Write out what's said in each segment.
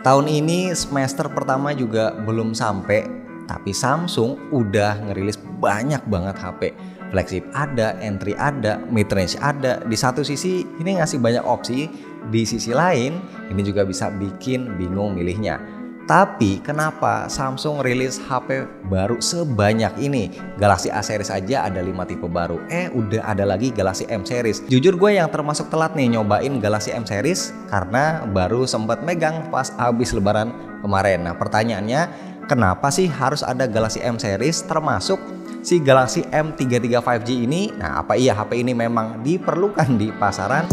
Tahun ini semester pertama juga belum sampai, tapi Samsung udah ngerilis banyak banget HP. Flagship ada, entry ada, mid range, ada. Di satu sisi ini ngasih banyak opsi, di sisi lain ini juga bisa bikin bingung milihnya. Tapi kenapa Samsung rilis HP baru sebanyak ini? Galaxy A series aja ada 5 tipe baru. Eh udah ada lagi Galaxy M series. Jujur gue yang termasuk telat nih nyobain Galaxy M series karena baru sempat megang pas abis lebaran kemarin. Nah pertanyaannya kenapa sih harus ada Galaxy M series termasuk si Galaxy M33 5G ini? Nah apa iya HP ini memang diperlukan di pasaran?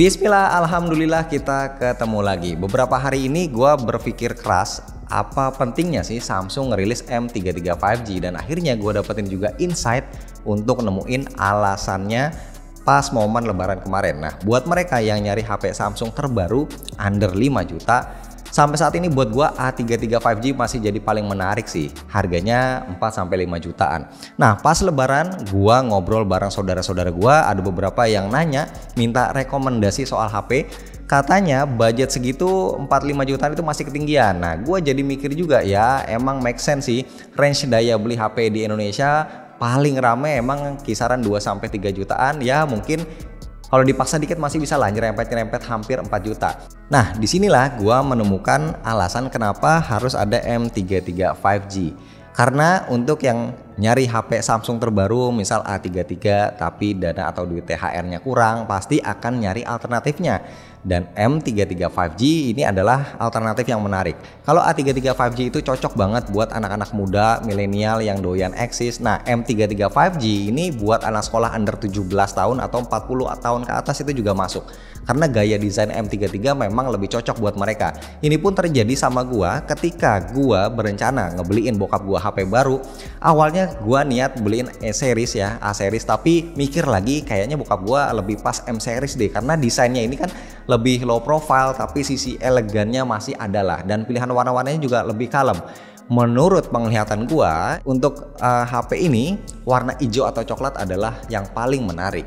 Bismillah, Alhamdulillah kita ketemu lagi. Beberapa hari ini gue berpikir keras apa pentingnya sih Samsung ngerilis M33 5G dan akhirnya gue dapetin juga insight untuk nemuin alasannya pas momen lebaran kemarin. Nah, buat mereka yang nyari HP Samsung terbaru under 5 juta, Sampai saat ini buat gua a 335 5G masih jadi paling menarik sih. Harganya 4 sampai 5 jutaan. Nah, pas lebaran gua ngobrol bareng saudara-saudara gua, ada beberapa yang nanya minta rekomendasi soal HP. Katanya budget segitu 45 jutaan itu masih ketinggian. Nah, gua jadi mikir juga ya, emang make sense sih range daya beli HP di Indonesia paling rame emang kisaran 2 sampai 3 jutaan ya mungkin kalau dipaksa dikit masih bisa lah nyerempet-nyerempet hampir 4 juta. Nah, disinilah gua menemukan alasan kenapa harus ada M335G. Karena untuk yang nyari HP Samsung terbaru misal A33 tapi dana atau duit THR-nya kurang pasti akan nyari alternatifnya dan M33 5G ini adalah alternatif yang menarik. Kalau A33 5G itu cocok banget buat anak-anak muda, milenial yang doyan eksis. Nah, M33 5G ini buat anak sekolah under 17 tahun atau 40 tahun ke atas itu juga masuk. Karena gaya desain M33 memang lebih cocok buat mereka. Ini pun terjadi sama gua ketika gua berencana ngebeliin bokap gua HP baru. Awalnya awalnya gua niat beliin E series ya, A series tapi mikir lagi kayaknya bokap gua lebih pas M series deh karena desainnya ini kan lebih low profile tapi sisi elegannya masih ada lah dan pilihan warna-warnanya juga lebih kalem menurut penglihatan gua untuk uh, eh, HP ini warna hijau atau coklat adalah yang paling menarik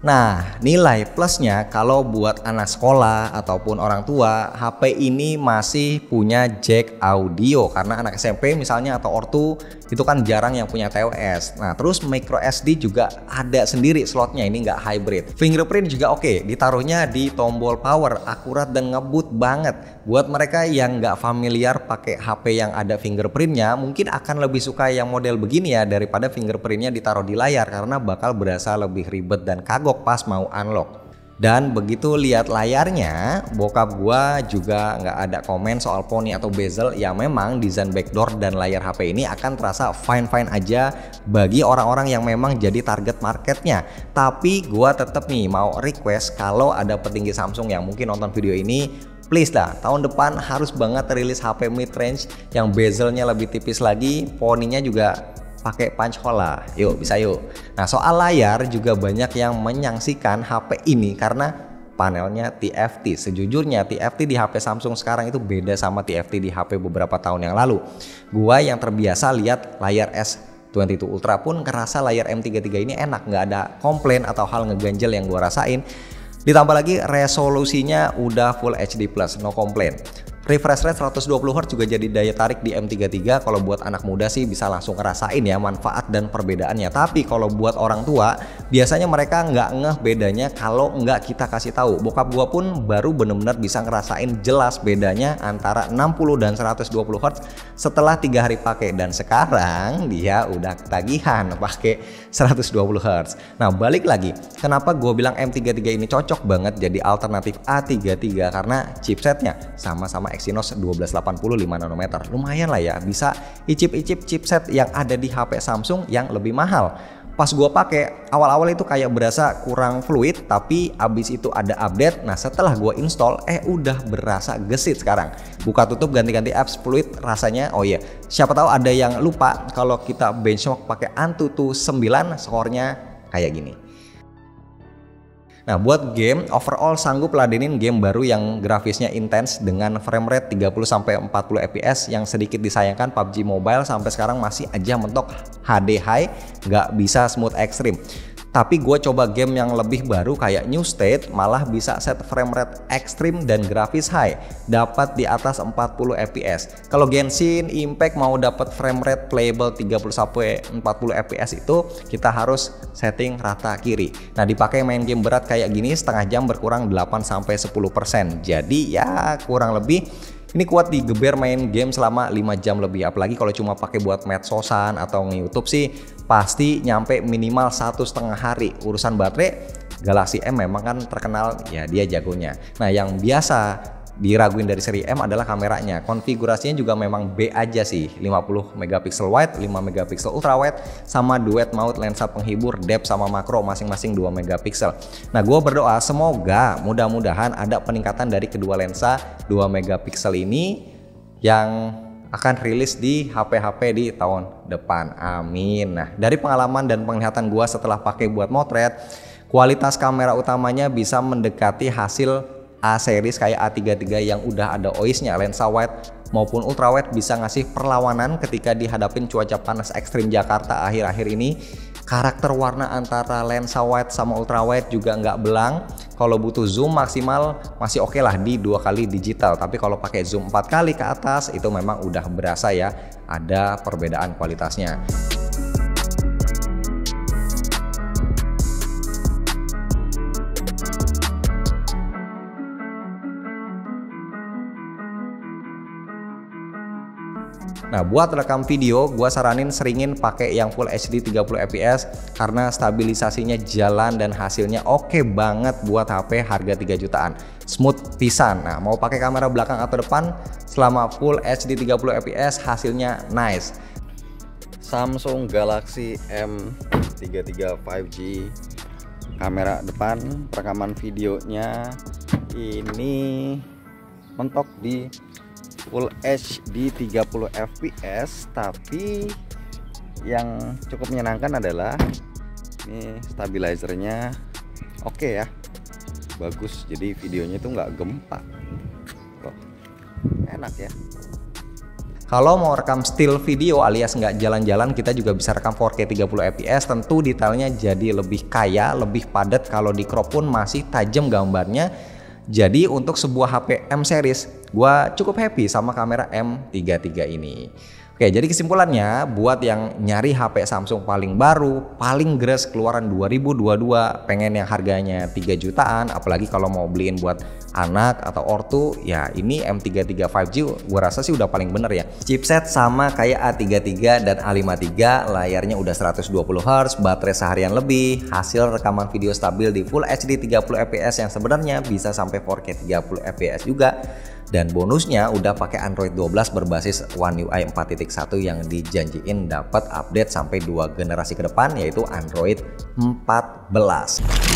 Nah, nilai plusnya kalau buat anak sekolah ataupun orang tua, HP ini masih punya jack audio karena anak SMP misalnya atau ortu itu kan jarang yang punya TWS. Nah, terus micro SD juga ada sendiri slotnya, ini nggak hybrid. Fingerprint juga oke, okay, ditaruhnya di tombol power, akurat dan ngebut banget. Buat mereka yang nggak familiar pakai HP yang ada fingerprintnya, mungkin akan lebih suka yang model begini ya daripada fingerprintnya ditaruh di layar karena bakal berasa lebih ribet dan kagum unlock pas mau unlock. Dan begitu lihat layarnya, bokap gua juga nggak ada komen soal poni atau bezel. Ya memang desain backdoor dan layar HP ini akan terasa fine-fine aja bagi orang-orang yang memang jadi target marketnya. Tapi gua tetap nih mau request kalau ada petinggi Samsung yang mungkin nonton video ini please lah tahun depan harus banget rilis HP mid range yang bezelnya lebih tipis lagi, poninya juga pakai punch hole lah. Yuk, bisa yuk. Nah, soal layar juga banyak yang menyangsikan HP ini karena panelnya TFT. Sejujurnya TFT di HP Samsung sekarang itu beda sama TFT di HP beberapa tahun yang lalu. Gua yang terbiasa lihat layar S22 Ultra pun kerasa layar M33 ini enak, nggak ada komplain atau hal ngeganjel yang gua rasain. Ditambah lagi resolusinya udah full HD no komplain refresh rate 120 Hz juga jadi daya tarik di M33 kalau buat anak muda sih bisa langsung ngerasain ya manfaat dan perbedaannya tapi kalau buat orang tua biasanya mereka nggak ngeh bedanya kalau nggak kita kasih tahu bokap gua pun baru bener-bener bisa ngerasain jelas bedanya antara 60 dan 120 Hz setelah tiga hari pakai dan sekarang dia udah ketagihan pakai 120 Hz nah balik lagi kenapa gue bilang M33 ini cocok banget jadi alternatif A33 karena chipsetnya sama-sama Exynos 1280 5 nanometer. Lumayan lah ya, bisa icip-icip chipset yang ada di HP Samsung yang lebih mahal. Pas gua pakai awal-awal itu kayak berasa kurang fluid, tapi abis itu ada update. Nah setelah gua install, eh udah berasa gesit sekarang. Buka tutup ganti-ganti apps fluid rasanya. Oh iya, yeah. siapa tahu ada yang lupa kalau kita benchmark pakai Antutu 9 skornya kayak gini. Nah, buat game overall sanggup ladenin game baru yang grafisnya intens dengan frame rate 30 sampai 40 fps yang sedikit disayangkan PUBG Mobile sampai sekarang masih aja mentok HD high, nggak bisa smooth extreme tapi gue coba game yang lebih baru kayak New State malah bisa set frame rate ekstrim dan grafis high dapat di atas 40 fps kalau Genshin Impact mau dapat frame rate playable 30 sampai 40 fps itu kita harus setting rata kiri nah dipakai main game berat kayak gini setengah jam berkurang 8 sampai 10% jadi ya kurang lebih ini kuat digeber main game selama 5 jam lebih. Apalagi kalau cuma pakai buat medsosan atau nge-youtube sih pasti nyampe minimal satu setengah hari. Urusan baterai Galaxy M memang kan terkenal ya dia jagonya. Nah yang biasa diraguin dari seri M adalah kameranya. Konfigurasinya juga memang B aja sih, 50 megapiksel wide, 5 megapiksel ultra wide, sama duet maut lensa penghibur depth sama makro masing-masing 2 megapiksel. Nah, gue berdoa semoga mudah-mudahan ada peningkatan dari kedua lensa 2 megapiksel ini yang akan rilis di HP-HP di tahun depan. Amin. Nah, dari pengalaman dan penglihatan gue setelah pakai buat motret, kualitas kamera utamanya bisa mendekati hasil A series kayak A33 yang udah ada OIS-nya, lensa wide maupun ultrawide bisa ngasih perlawanan ketika dihadapin cuaca panas ekstrim Jakarta akhir-akhir ini. Karakter warna antara lensa wide sama ultrawide juga nggak belang. Kalau butuh zoom maksimal masih oke okay lah di dua kali digital. Tapi kalau pakai zoom empat kali ke atas itu memang udah berasa ya ada perbedaan kualitasnya. Nah, buat rekam video, gue saranin seringin pakai yang full HD 30 fps karena stabilisasinya jalan dan hasilnya oke okay banget buat HP harga 3 jutaan. Smooth pisan. Nah, mau pakai kamera belakang atau depan, selama full HD 30 fps hasilnya nice. Samsung Galaxy M33 5G kamera depan rekaman videonya ini mentok di Full HD 30 fps tapi yang cukup menyenangkan adalah ini stabilizernya oke okay ya bagus jadi videonya itu nggak gempa kok enak ya kalau mau rekam still video alias nggak jalan-jalan, kita juga bisa rekam 4K 30 fps. Tentu detailnya jadi lebih kaya, lebih padat. Kalau di crop pun masih tajam gambarnya jadi untuk sebuah HP M series, gue cukup happy sama kamera M33 ini. Oke, jadi kesimpulannya buat yang nyari HP Samsung paling baru, paling gres keluaran 2022, pengen yang harganya 3 jutaan, apalagi kalau mau beliin buat anak atau ortu, ya ini M33 5G gue rasa sih udah paling bener ya. Chipset sama kayak A33 dan A53, layarnya udah 120Hz, baterai seharian lebih, hasil rekaman video stabil di Full HD 30 fps yang sebenarnya bisa sampai 4K 30 fps juga, dan bonusnya udah pakai Android 12 berbasis One UI 4.1 yang dijanjiin dapat update sampai dua generasi ke depan yaitu Android 14.